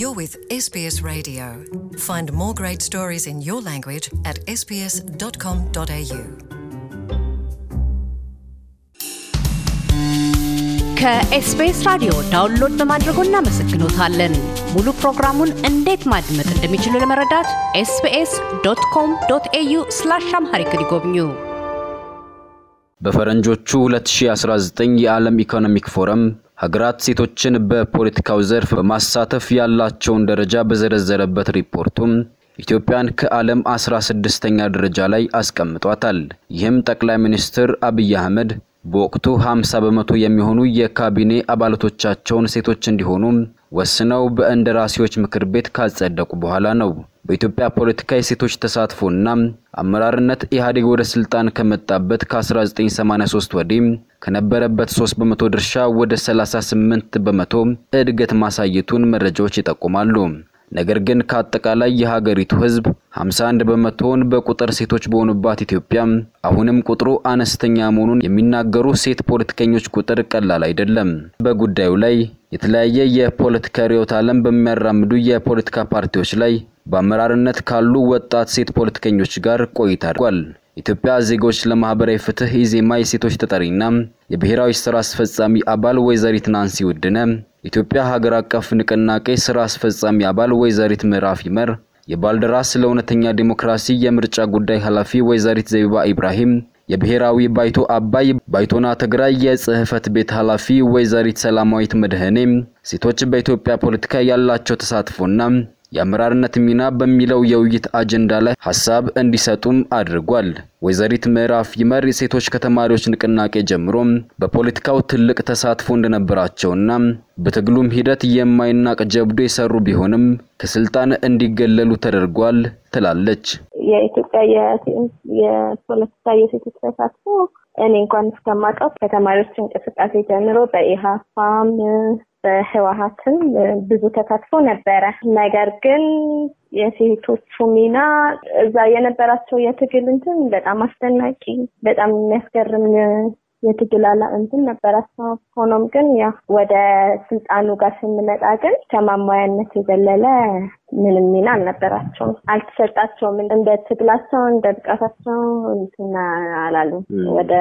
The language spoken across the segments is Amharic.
You're with SBS Radio. Find more great stories in your language at sbs.com.au. ከኤስቢኤስ ራዲዮ ዳውንሎድ በማድረጎ እናመሰግኖታለን። ሙሉ ፕሮግራሙን እንዴት ማድመጥ እንደሚችሉ ለመረዳት ኤስቢኤስ ዶት ኮም ዶት ኤዩ ስላሽ አምሃሪክ ይጎብኙ። በፈረንጆቹ 2019 የዓለም ኢኮኖሚክ ፎረም ሀገራት ሴቶችን በፖለቲካው ዘርፍ በማሳተፍ ያላቸውን ደረጃ በዘረዘረበት ሪፖርቱም ኢትዮጵያን ከዓለም አስራ ስድስተኛ ደረጃ ላይ አስቀምጧታል። ይህም ጠቅላይ ሚኒስትር አብይ አህመድ በወቅቱ 50 በመቶ የሚሆኑ የካቢኔ አባላቶቻቸውን ሴቶች እንዲሆኑ ወስነው በእንደራሴዎች ምክር ቤት ካጸደቁ በኋላ ነው። በኢትዮጵያ ፖለቲካ የሴቶች ተሳትፎና አመራርነት ኢህአዴግ ወደ ስልጣን ከመጣበት ከ1983 ወዲህ ከነበረበት 3 በመቶ ድርሻ ወደ 38 በመቶ እድገት ማሳየቱን መረጃዎች ይጠቁማሉ። ነገር ግን ከአጠቃላይ የሀገሪቱ ህዝብ 51 በመቶውን በቁጥር ሴቶች በሆኑባት ኢትዮጵያ አሁንም ቁጥሩ አነስተኛ መሆኑን የሚናገሩ ሴት ፖለቲከኞች ቁጥር ቀላል አይደለም። በጉዳዩ ላይ የተለያየ የፖለቲካ ርዕዮተ ዓለም በሚያራምዱ የፖለቲካ ፓርቲዎች ላይ በአመራርነት ካሉ ወጣት ሴት ፖለቲከኞች ጋር ቆይታ አድርጓል። ኢትዮጵያ ዜጎች ለማህበራዊ ፍትህ ኢዜማ የሴቶች ተጠሪና የብሔራዊ ስራ አስፈጻሚ አባል ወይዘሪት ናንሲ ውድነ፣ ኢትዮጵያ ሀገር አቀፍ ንቅናቄ ስራ አስፈጻሚ አባል ወይዘሪት ምዕራፍ ይመር፣ የባልደራስ ለእውነተኛ ዲሞክራሲ የምርጫ ጉዳይ ኃላፊ ወይዘሪት ዘቢባ ኢብራሂም የብሔራዊ ባይቶ አባይ ባይቶና ትግራይ የጽህፈት ቤት ኃላፊ ወይዘሪት ሰላማዊት መድህኔ ሴቶች በኢትዮጵያ ፖለቲካ ያላቸው ተሳትፎና የአመራርነት ሚና በሚለው የውይይት አጀንዳ ላይ ሀሳብ እንዲሰጡም አድርጓል። ወይዘሪት ምዕራፍ ይመር ሴቶች ከተማሪዎች ንቅናቄ ጀምሮ በፖለቲካው ትልቅ ተሳትፎ እንደነበራቸውና በትግሉም ሂደት የማይናቅ ጀብዶ የሰሩ ቢሆንም ከስልጣን እንዲገለሉ ተደርጓል ትላለች። የኢትዮጵያ የፖለቲካ የሴቶች ተሳትፎ እኔ እንኳን እስከማውቀው ከተማሪዎች እንቅስቃሴ ጀምሮ በኢሃፋም በህወሀትም ብዙ ተሳትፎ ነበረ። ነገር ግን የሴቶቹ ሚና እዛ የነበራቸው የትግል እንትን በጣም አስደናቂ፣ በጣም የሚያስገርም የትግል አላ እንትን ነበራቸው። ሆኖም ግን ያ ወደ ስልጣኑ ጋር ስንመጣ ግን ከማሟያነት የዘለለ ምንም ሚና አልነበራቸውም፣ አልተሰጣቸውም። እንደ ትግላቸው እንደ ብቃታቸው እንትና አላሉ ወደ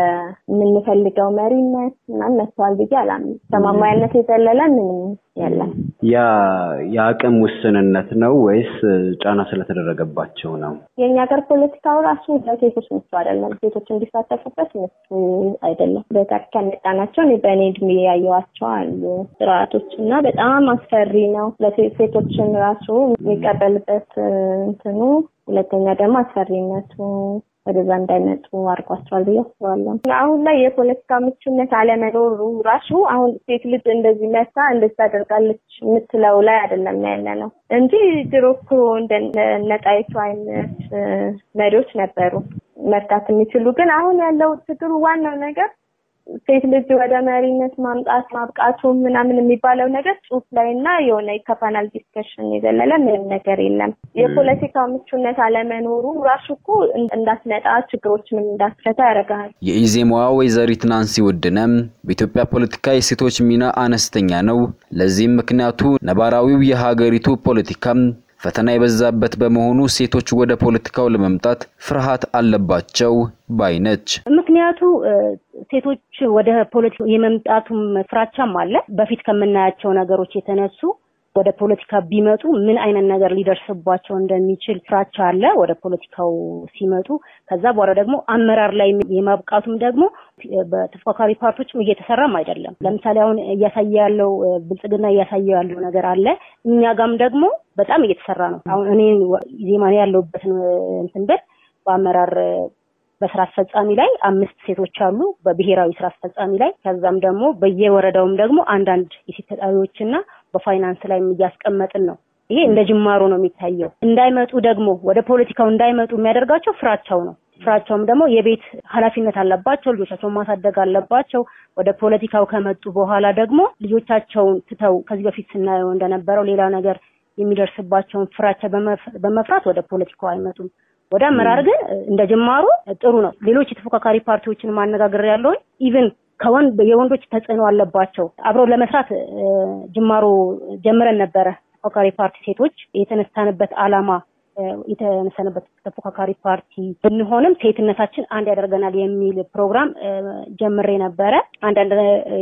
የምንፈልገው መሪነት ምናምን መጥተዋል ብዬ አላምንም። ከማሟያነት የዘለለ ምንም የለም። ያ የአቅም ውስንነት ነው ወይስ ጫና ስለተደረገባቸው ነው? የእኛ ሀገር ፖለቲካው ራሱ ለሴቶች ምቹ አይደለም። ሴቶች እንዲሳተፉበት ምቹ አይደለም። በታች ከመጣናቸው በእኔ እድሜ ያየዋቸው አሉ ስርዓቶች እና በጣም አስፈሪ ነው ለሴቶችን ራሱ የሚቀበልበት እንትኑ፣ ሁለተኛ ደግሞ አስፈሪነቱ ወደዛ እንዳይመጡ አድርጓቸዋል ብዬ አስባለሁ። አሁን ላይ የፖለቲካ ምቹነት አለመኖሩ ራሱ አሁን ሴት ልጅ እንደዚህ መታ እንደዚህ ታደርጋለች የምትለው ላይ አይደለም ያለ ነው እንጂ ድሮ እኮ አይነት መሪዎች ነበሩ መርታት የሚችሉ። ግን አሁን ያለው ችግሩ ዋናው ነገር ሴት ልጅ ወደ መሪነት ማምጣት ማብቃቱ ምናምን የሚባለው ነገር ጽሁፍ ላይ እና የሆነ ከፓናል ዲስከሽን የዘለለ ምንም ነገር የለም። የፖለቲካ ምቹነት አለመኖሩ ራሱ እኮ እንዳትነጣ ችግሮችንም እንዳትፈታ ያደርግሃል። የኢዜማዋ ወይዘሪት ናንሲ ውድነም በኢትዮጵያ ፖለቲካ የሴቶች ሚና አነስተኛ ነው፣ ለዚህም ምክንያቱ ነባራዊው የሀገሪቱ ፖለቲካም ፈተና የበዛበት በመሆኑ ሴቶች ወደ ፖለቲካው ለመምጣት ፍርሃት አለባቸው ባይነች። ምክንያቱ ሴቶች ወደ ፖለቲካ የመምጣቱም ፍራቻም አለ። በፊት ከምናያቸው ነገሮች የተነሱ ወደ ፖለቲካ ቢመጡ ምን አይነት ነገር ሊደርስባቸው እንደሚችል ፍራቻ አለ። ወደ ፖለቲካው ሲመጡ ከዛ በኋላ ደግሞ አመራር ላይ የማብቃቱም ደግሞ በተፎካካሪ ፓርቲዎችም እየተሰራም አይደለም። ለምሳሌ አሁን እያሳየ ያለው ብልጽግና እያሳየ ያለው ነገር አለ። እኛ ጋም ደግሞ በጣም እየተሰራ ነው። አሁን እኔ ዜማን ያለሁበትን እንትን ብል በአመራር በስራ አስፈጻሚ ላይ አምስት ሴቶች አሉ፣ በብሔራዊ ስራ አስፈጻሚ ላይ ከዛም ደግሞ በየወረዳውም ደግሞ አንዳንድ የሴት ተጠሪዎችና በፋይናንስ ላይ እያስቀመጥን ነው። ይሄ እንደ ጅማሮ ነው የሚታየው። እንዳይመጡ ደግሞ ወደ ፖለቲካው እንዳይመጡ የሚያደርጋቸው ፍራቻው ነው። ፍራቸውም ደግሞ የቤት ኃላፊነት አለባቸው፣ ልጆቻቸውን ማሳደግ አለባቸው። ወደ ፖለቲካው ከመጡ በኋላ ደግሞ ልጆቻቸውን ትተው ከዚህ በፊት ስናየው እንደነበረው ሌላ ነገር የሚደርስባቸውን ፍራቻ በመፍራት ወደ ፖለቲካው አይመጡም። ወደ አመራር ግን እንደ ጅማሮ ጥሩ ነው። ሌሎች የተፎካካሪ ፓርቲዎችን ማነጋገር ያለውን ኢቭን ከወንድ የወንዶች ተጽዕኖ አለባቸው። አብረው ለመስራት ጅማሮ ጀምረን ነበረ። ተፎካካሪ ፓርቲ ሴቶች የተነሳንበት አላማ የተነሳንበት ተፎካካሪ ፓርቲ ብንሆንም ሴትነታችን አንድ ያደርገናል የሚል ፕሮግራም ጀምሬ ነበረ። አንዳንድ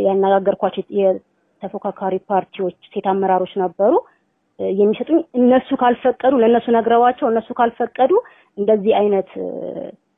ያነጋገርኳቸው የተፎካካሪ ፓርቲዎች ሴት አመራሮች ነበሩ። የሚሰጡኝ እነሱ ካልፈቀዱ ለእነሱ ነግረዋቸው እነሱ ካልፈቀዱ እንደዚህ አይነት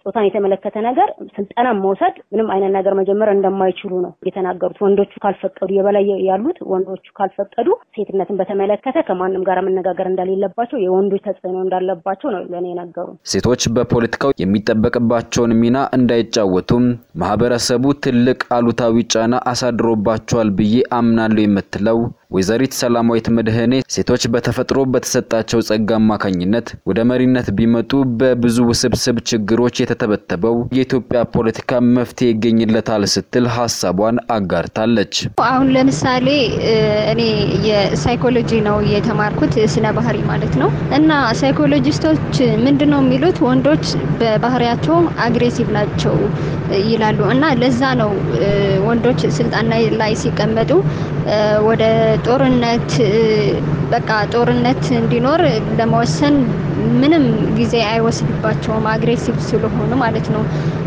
ጾታን የተመለከተ ነገር ስልጠና መውሰድ ምንም አይነት ነገር መጀመር እንደማይችሉ ነው የተናገሩት። ወንዶቹ ካልፈቀዱ የበላይ ያሉት ወንዶቹ ካልፈቀዱ ሴትነትን በተመለከተ ከማንም ጋር መነጋገር እንደሌለባቸው፣ የወንዶች ተጽዕኖ እንዳለባቸው ነው ለእኔ የነገሩ። ሴቶች በፖለቲካው የሚጠበቅባቸውን ሚና እንዳይጫወቱም ማህበረሰቡ ትልቅ አሉታዊ ጫና አሳድሮባቸዋል ብዬ አምናለሁ የምትለው ወይዘሪት ሰላማዊት መድህኔ ሴቶች በተፈጥሮ በተሰጣቸው ጸጋ አማካኝነት ወደ መሪነት ቢመጡ በብዙ ውስብስብ ችግሮች የተተበተበው የኢትዮጵያ ፖለቲካ መፍትሄ ይገኝለታል ስትል ሀሳቧን አጋርታለች። አሁን ለምሳሌ እኔ የሳይኮሎጂ ነው የተማርኩት ስነ ባህሪ ማለት ነው እና ሳይኮሎጂስቶች ምንድነው የሚሉት ወንዶች በባህሪያቸው አግሬሲቭ ናቸው ይላሉ እና ለዛ ነው ወንዶች ስልጣን ላይ ሲቀመጡ ወደ ጦርነት በቃ ጦርነት እንዲኖር ለመወሰን ምንም ጊዜ አይወስድባቸውም፣ አግሬሲቭ ስለሆኑ ማለት ነው።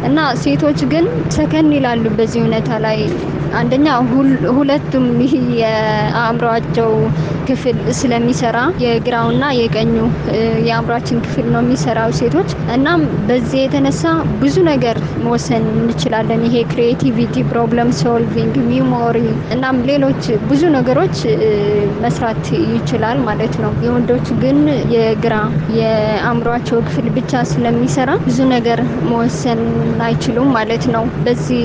እና ሴቶች ግን ሰከን ይላሉ በዚህ እውነታ ላይ አንደኛ ሁለቱም ይህ የአእምሯቸው ክፍል ስለሚሰራ የግራውና የቀኙ የአእምሯችን ክፍል ነው የሚሰራው ሴቶች። እናም በዚህ የተነሳ ብዙ ነገር መወሰን እንችላለን። ይሄ ክሪኤቲቪቲ፣ ፕሮብለም ሶልቪንግ፣ ሚሞሪ እናም ሌሎች ብዙ ነገሮች መስራት ይችላል ማለት ነው። የወንዶች ግን የግራ የአእምሯቸው ክፍል ብቻ ስለሚሰራ ብዙ ነገር መወሰን አይችሉም ማለት ነው። በዚህ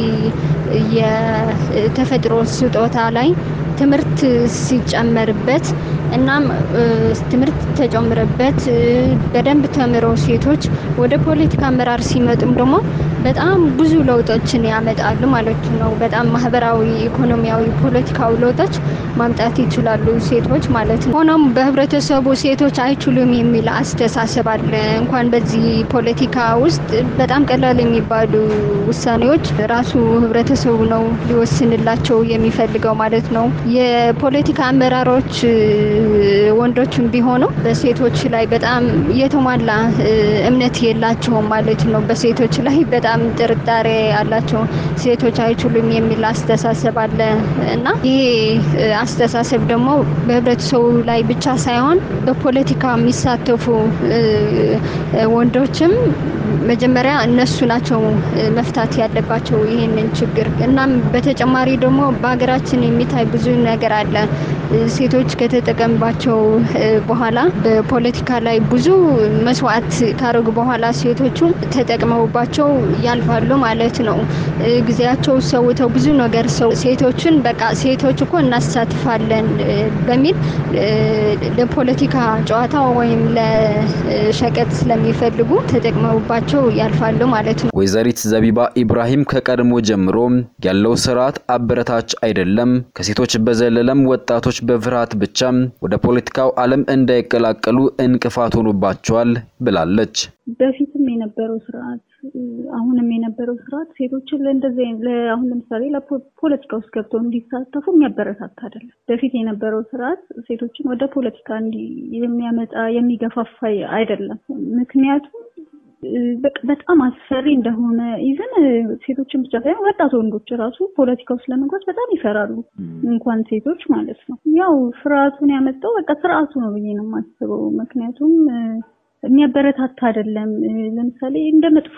ተፈጥሮ ስጦታ ላይ ትምህርት ሲጨመርበት እናም ትምህርት ተጨምረበት በደንብ ተምረው ሴቶች ወደ ፖለቲካ አመራር ሲመጡም ደግሞ በጣም ብዙ ለውጦችን ያመጣሉ ማለት ነው። በጣም ማህበራዊ፣ ኢኮኖሚያዊ፣ ፖለቲካዊ ለውጦች ማምጣት ይችላሉ ሴቶች ማለት ነው። ሆኖም በህብረተሰቡ ሴቶች አይችሉም የሚል አስተሳሰብ አለ። እንኳን በዚህ ፖለቲካ ውስጥ በጣም ቀላል የሚባሉ ውሳኔዎች ራሱ ህብረተሰቡ ነው ሊወስንላቸው የሚፈልገው ማለት ነው። የፖለቲካ አመራሮች ወንዶችም ቢሆኑ በሴቶች ላይ በጣም የተሟላ እምነት የላቸውም ማለት ነው። በሴቶች ላይ በጣም በጣም ጥርጣሬ አላቸው። ሴቶች አይችሉም የሚል አስተሳሰብ አለ እና ይሄ አስተሳሰብ ደግሞ በህብረተሰቡ ላይ ብቻ ሳይሆን በፖለቲካ የሚሳተፉ ወንዶችም መጀመሪያ እነሱ ናቸው መፍታት ያለባቸው ይህንን ችግር። እናም በተጨማሪ ደግሞ በሀገራችን የሚታይ ብዙ ነገር አለ። ሴቶች ከተጠቀምባቸው በኋላ በፖለቲካ ላይ ብዙ መስዋዕት ካረጉ በኋላ ሴቶቹ ተጠቅመውባቸው ያልፋሉ ማለት ነው። ጊዜያቸው ሰውተው ብዙ ነገር ሰው ሴቶችን በቃ ሴቶች እኮ እናሳትፋለን በሚል ለፖለቲካ ጨዋታ ወይም ለሸቀጥ ስለሚፈልጉ ተጠቅመውባቸው ያልፋሉ ማለት ነው። ወይዘሪት ዘቢባ ኢብራሂም ከቀድሞ ጀምሮ ያለው ስርዓት አበረታች አይደለም፣ ከሴቶች በዘለለም ወጣቶች በፍርሃት ብቻ ወደ ፖለቲካው ዓለም እንዳይቀላቀሉ እንቅፋት ሆኖባቸዋል ብላለች። በፊትም የነበረው ስርዓት አሁንም የነበረው ስርዓት ሴቶችን ለእንደዚህ አሁን ለምሳሌ ፖለቲካ ውስጥ ገብተው እንዲሳተፉ የሚያበረታታ አይደለም። በፊት የነበረው ስርዓት ሴቶችን ወደ ፖለቲካ የሚያመጣ የሚገፋፋ አይደለም። ምክንያቱም በጣም አስፈሪ እንደሆነ ይዘን ሴቶችን ብቻ ሳይሆን ወጣት ወንዶች ራሱ ፖለቲካ ውስጥ ለመግባት በጣም ይፈራሉ፣ እንኳን ሴቶች ማለት ነው። ያው ስርዓቱን ያመጣው በቃ ስርዓቱ ነው ብዬ ነው የማስበው። ምክንያቱም የሚያበረታታ አይደለም። ለምሳሌ እንደ መጥፎ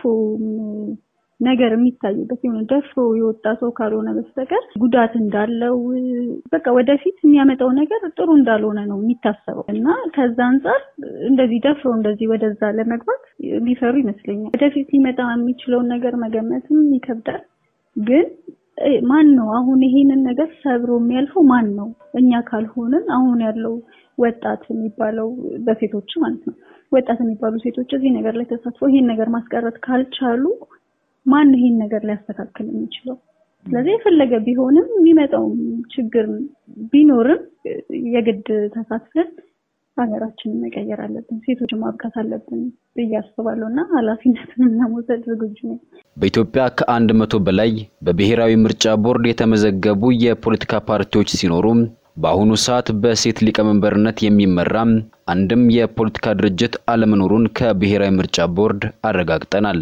ነገር የሚታይበት የሆነ ደፍሮ የወጣ ሰው ካልሆነ በስተቀር ጉዳት እንዳለው በቃ ወደፊት የሚያመጣው ነገር ጥሩ እንዳልሆነ ነው የሚታሰበው እና ከዛ አንጻር እንደዚህ ደፍሮ እንደዚህ ወደዛ ለመግባት ሊፈሩ ይመስለኛል። ወደፊት ሊመጣ የሚችለውን ነገር መገመትም ይከብዳል። ግን ማን ነው አሁን ይሄንን ነገር ሰብሮ የሚያልፈው ማን ነው? እኛ ካልሆንን አሁን ያለው ወጣት የሚባለው በሴቶች ማለት ነው ወጣት የሚባሉ ሴቶች እዚህ ነገር ላይ ተሳትፎ ይህን ነገር ማስቀረት ካልቻሉ ማን ይሄን ነገር ሊያስተካክል የሚችለው? ስለዚህ የፈለገ ቢሆንም የሚመጣውም ችግር ቢኖርም የግድ ተሳትፈን ሀገራችንን መቀየር አለብን፣ ሴቶችን ማብቃት አለብን ብዬ አስባለሁ እና ኃላፊነትን ለመውሰድ ዝግጁ ነው። በኢትዮጵያ ከአንድ መቶ በላይ በብሔራዊ ምርጫ ቦርድ የተመዘገቡ የፖለቲካ ፓርቲዎች ሲኖሩ በአሁኑ ሰዓት በሴት ሊቀመንበርነት የሚመራ አንድም የፖለቲካ ድርጅት አለመኖሩን ከብሔራዊ ምርጫ ቦርድ አረጋግጠናል።